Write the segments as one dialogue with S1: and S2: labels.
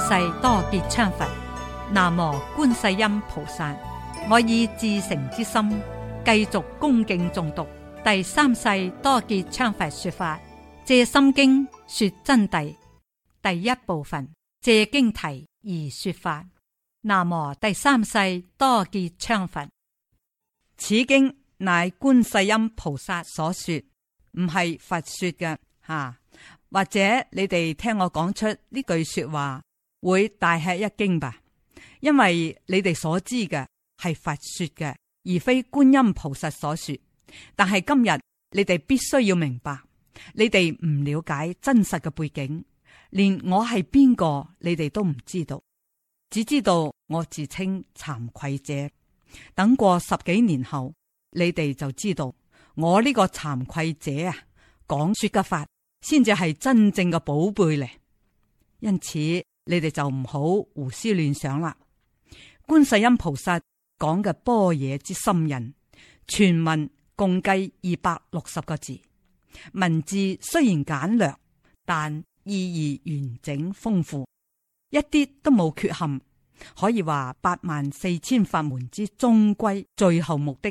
S1: 世多杰羌佛，南無觀世音菩薩。我以至誠之心，繼續恭敬誦讀第三世多杰羌佛說法《藉心經》說真諦第一部分。借經題而說法，南無第三世多杰羌佛。此經乃觀世音菩薩所說，唔係佛說嘅吓、啊。或者你哋聽我講出呢句說話，會大吃一驚吧，因為你哋所知嘅係佛說嘅，而非觀音菩薩所說。但係今日你哋必須要明白，你哋唔了解真實嘅背景，連我係邊個，你哋都唔知道，只知道我自稱慚愧者。等過十幾年後，你哋就知道我呢個慚愧者啊，講說嘅法先至係真正嘅寶貝咧。因此。你哋就唔好胡思亂想啦。觀世音菩薩講嘅般若之心人，全文共計二百六十個字，文字雖然簡略，但意義完整豐富，一啲都冇缺陷。可以話八萬四千法門之終歸最後目的，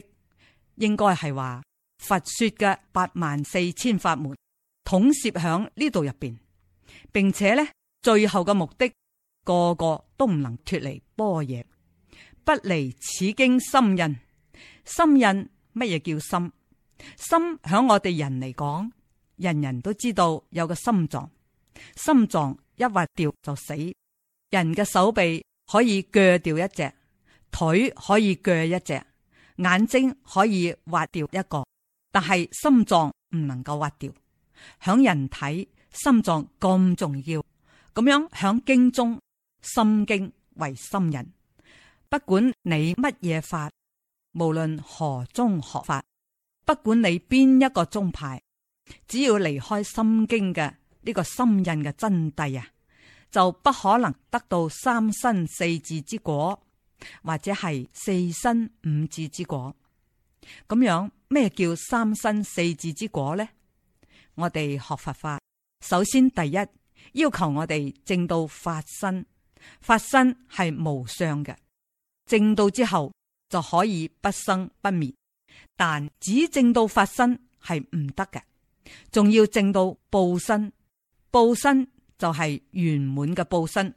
S1: 應該係話佛說嘅八萬四千法門統攝響呢度入邊，並且呢。最後嘅目的，個個都唔能脫離般若，不離此經心印。心印，乜嘢叫心？心響我哋人嚟講，人人都知道有個心臟，心臟一挖掉就死。人嘅手臂可以鋸掉一隻，腿可以鋸一隻，眼睛可以挖掉一個，但係心臟唔能夠挖掉。響人體，心臟咁重要。咁樣響經中，心經為心人，不管你乜嘢法，無論何宗學法，不管你邊一個宗派，只要離開心經嘅呢，這個心印嘅真諦啊，就不可能得到三身四智之果，或者係四身五智之果。咁樣咩叫三身四智之果呢？我哋學佛法，首先第一，要求我哋正到法身，法身係無相嘅，正到之後就可以不生不滅。但只正到法身係唔得嘅，仲要正到報身，報身就係圓滿嘅報身。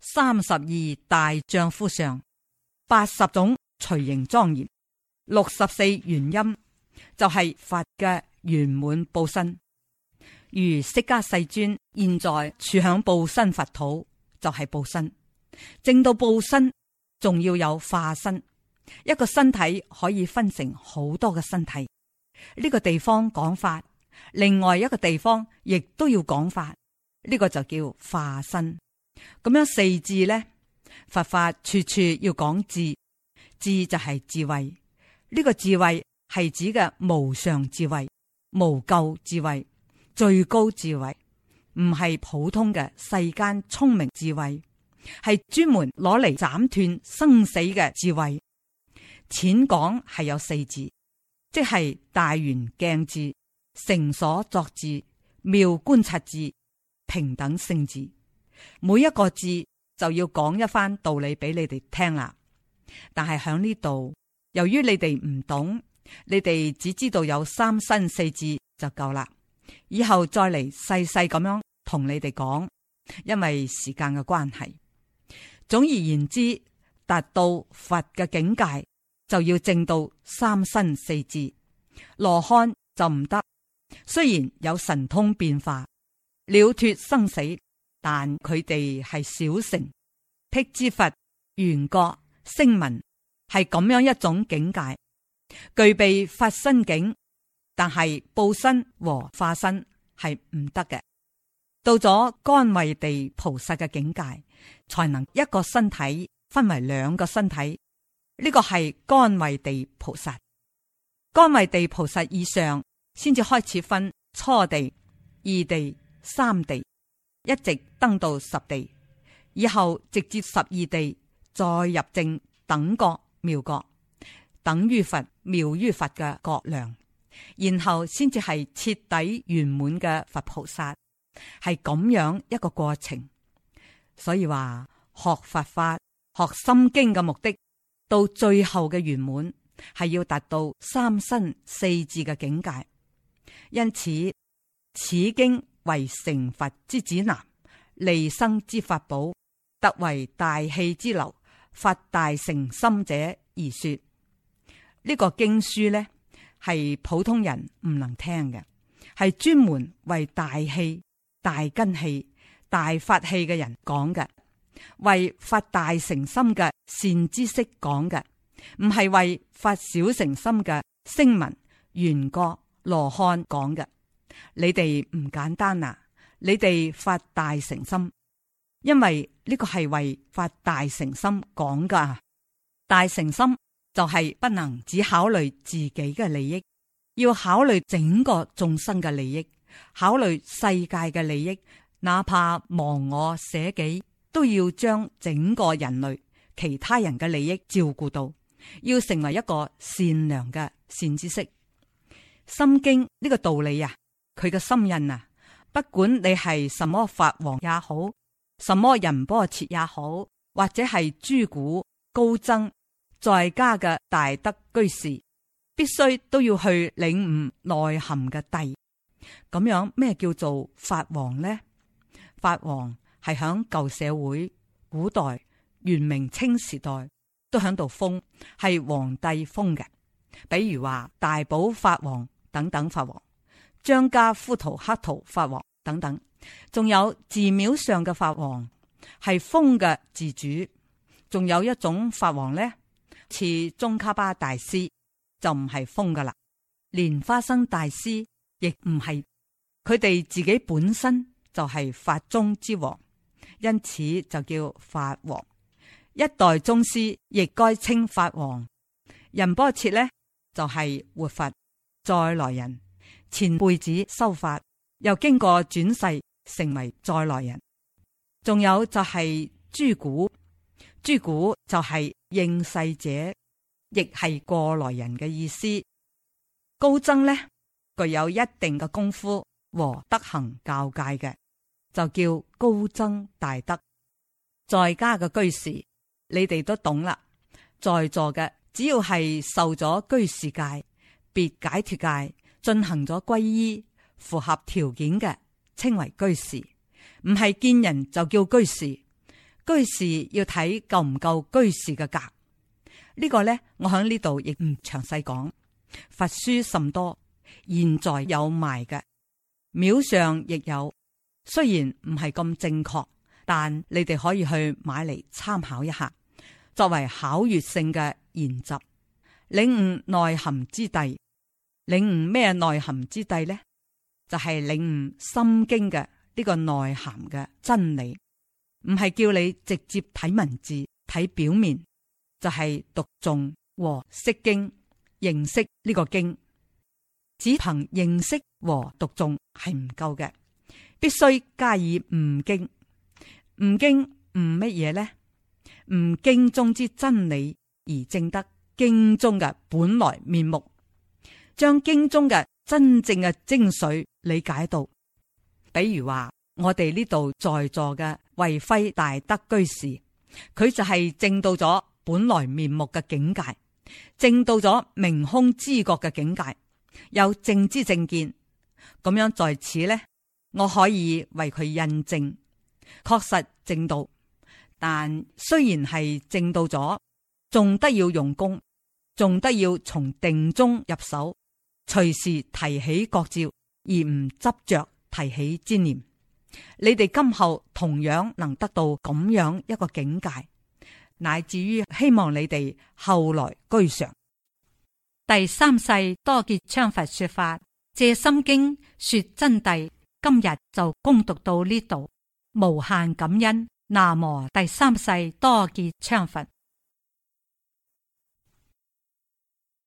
S1: 三十二大丈夫相，八十種隨形莊嚴，六十四原因，就係佛嘅圓滿報身。如釋迦世尊現在處響報身佛土，就係、是、報身。正到報身，仲要有化身。一個身體可以分成好多嘅身體。呢、這個地方講法，另外一個地方亦都要講法。呢、這個就叫化身。咁樣四字咧，佛法處處要講智，智就係智慧。呢、這個智慧係指嘅無上智慧、無垢智慧。最高智慧唔係普通嘅世間聰明智慧，係專門攞嚟斬斷生死嘅智慧。淺講係有四智，即係大圓鏡智、成所作智、妙觀察智、平等性智。每一個智就要講一番道理俾你哋聽啦。但係響呢度，由於你哋唔懂，你哋只知道有三身四智就夠啦。以後再嚟細細咁樣同你哋講，因為時間嘅關係。總而言之，達到佛嘅境界就要證到三身四智。羅漢就唔得。雖然有神通變化、了脫生死，但佢哋係小乘。辟支佛、緣覺、聲聞，係咁樣一種境界，具備佛身境。但係報身和化身係唔得嘅，到咗乾慧地菩薩嘅境界，才能一個身體分為兩個身體。呢、這個係乾慧地菩薩，乾慧地菩薩以上，先至開始分初地、二地、三地，一直登到十地，以後直接十二地再入正等覺妙覺，等於佛妙於佛嘅覺量。然後先至係徹底圓滿嘅佛菩薩，係咁樣一個過程。所以話學佛法、學心經嘅目的，到最後嘅圓滿係要達到三身四智嘅境界。因此，此經為成佛之指南、利生之法寶，特為大器之流、發大成心者而說。呢、這個經書呢？係普通人唔能聽嘅，係專門為大器、大根器、大法器嘅人講嘅，為發大乘心嘅善知識講嘅，唔係為發小乘心嘅聲聞、緣覺、羅漢講嘅。你哋唔簡單啊！你哋發大乘心，因為呢個係為發大乘心講㗎，大乘心。就係不能只考慮自己嘅利益，要考慮整個眾生嘅利益，考慮世界嘅利益，哪怕忘我捨己，都要將整個人類、其他人嘅利益照顧到，要成為一個善良嘅善知識。心經呢個道理啊，佢嘅心印啊，不管你係什麼法王也好，什麼仁波切也好，或者係諸古高僧。在家嘅大德居士，必須都要去領悟內涵嘅諦。咁樣咩叫做法王呢？法王係響舊社會、古代、元明清時代都響度封，係皇帝封嘅。比如話大寶法王等等，法王章嘉呼圖克圖法王等等，仲有寺廟上嘅法王係封嘅自主。仲有一種法王呢？似中卡巴大師就唔係瘋噶啦。蓮花生大師亦唔係，佢哋自己本身就係法中之王，因此就叫法王。一代宗師亦該稱法王。仁波切咧就係活佛，再來人前輩子修法，又經過轉世成為再來人。仲有就係朱古。諸古就係應世者，亦係過來人嘅意思。高僧呢，具有一定嘅功夫和德行教戒嘅，就叫高僧大德。在家嘅居士，你哋都懂啦。在座嘅只要係受咗居士戒、別解脱戒，進行咗皈依，符合條件嘅，稱為居士，唔係見人就叫居士。居士要睇夠唔夠居士嘅格，這個、呢個咧我喺呢度亦唔詳細講。佛書甚多，現在有賣嘅，廟上亦有。雖然唔係咁正確，但你哋可以去買嚟參考一下，作為考閱性嘅研習，領悟內涵之諦。領悟咩內涵之諦呢？就係、是、領悟心經嘅呢、這個內涵嘅真理。唔係叫你直接睇文字睇表面，就係、是、讀誦和識經認識呢個經，只憑認識和讀誦係唔夠嘅，必須加以悟經。悟經悟乜嘢呢？「悟經中之真理而證得經中嘅本來面目，將經中嘅真正嘅精髓理解到。比如話，我哋呢度在座嘅。為輝大德居士，佢就係證到咗本來面目嘅境界，證到咗明空知覺嘅境界，有正知正見，咁樣在此呢，我可以為佢印證，確實正道。但雖然係正到咗，仲得要用功，仲得要從定中入手，隨時提起覺照，而唔執着提起之念。你哋今後同樣能得到咁樣一個境界，乃至於希望你哋後來居上。第三世多杰羌佛說法，借心經說真諦。今日就恭讀到呢度，無限感恩。那麼第三世多杰羌佛。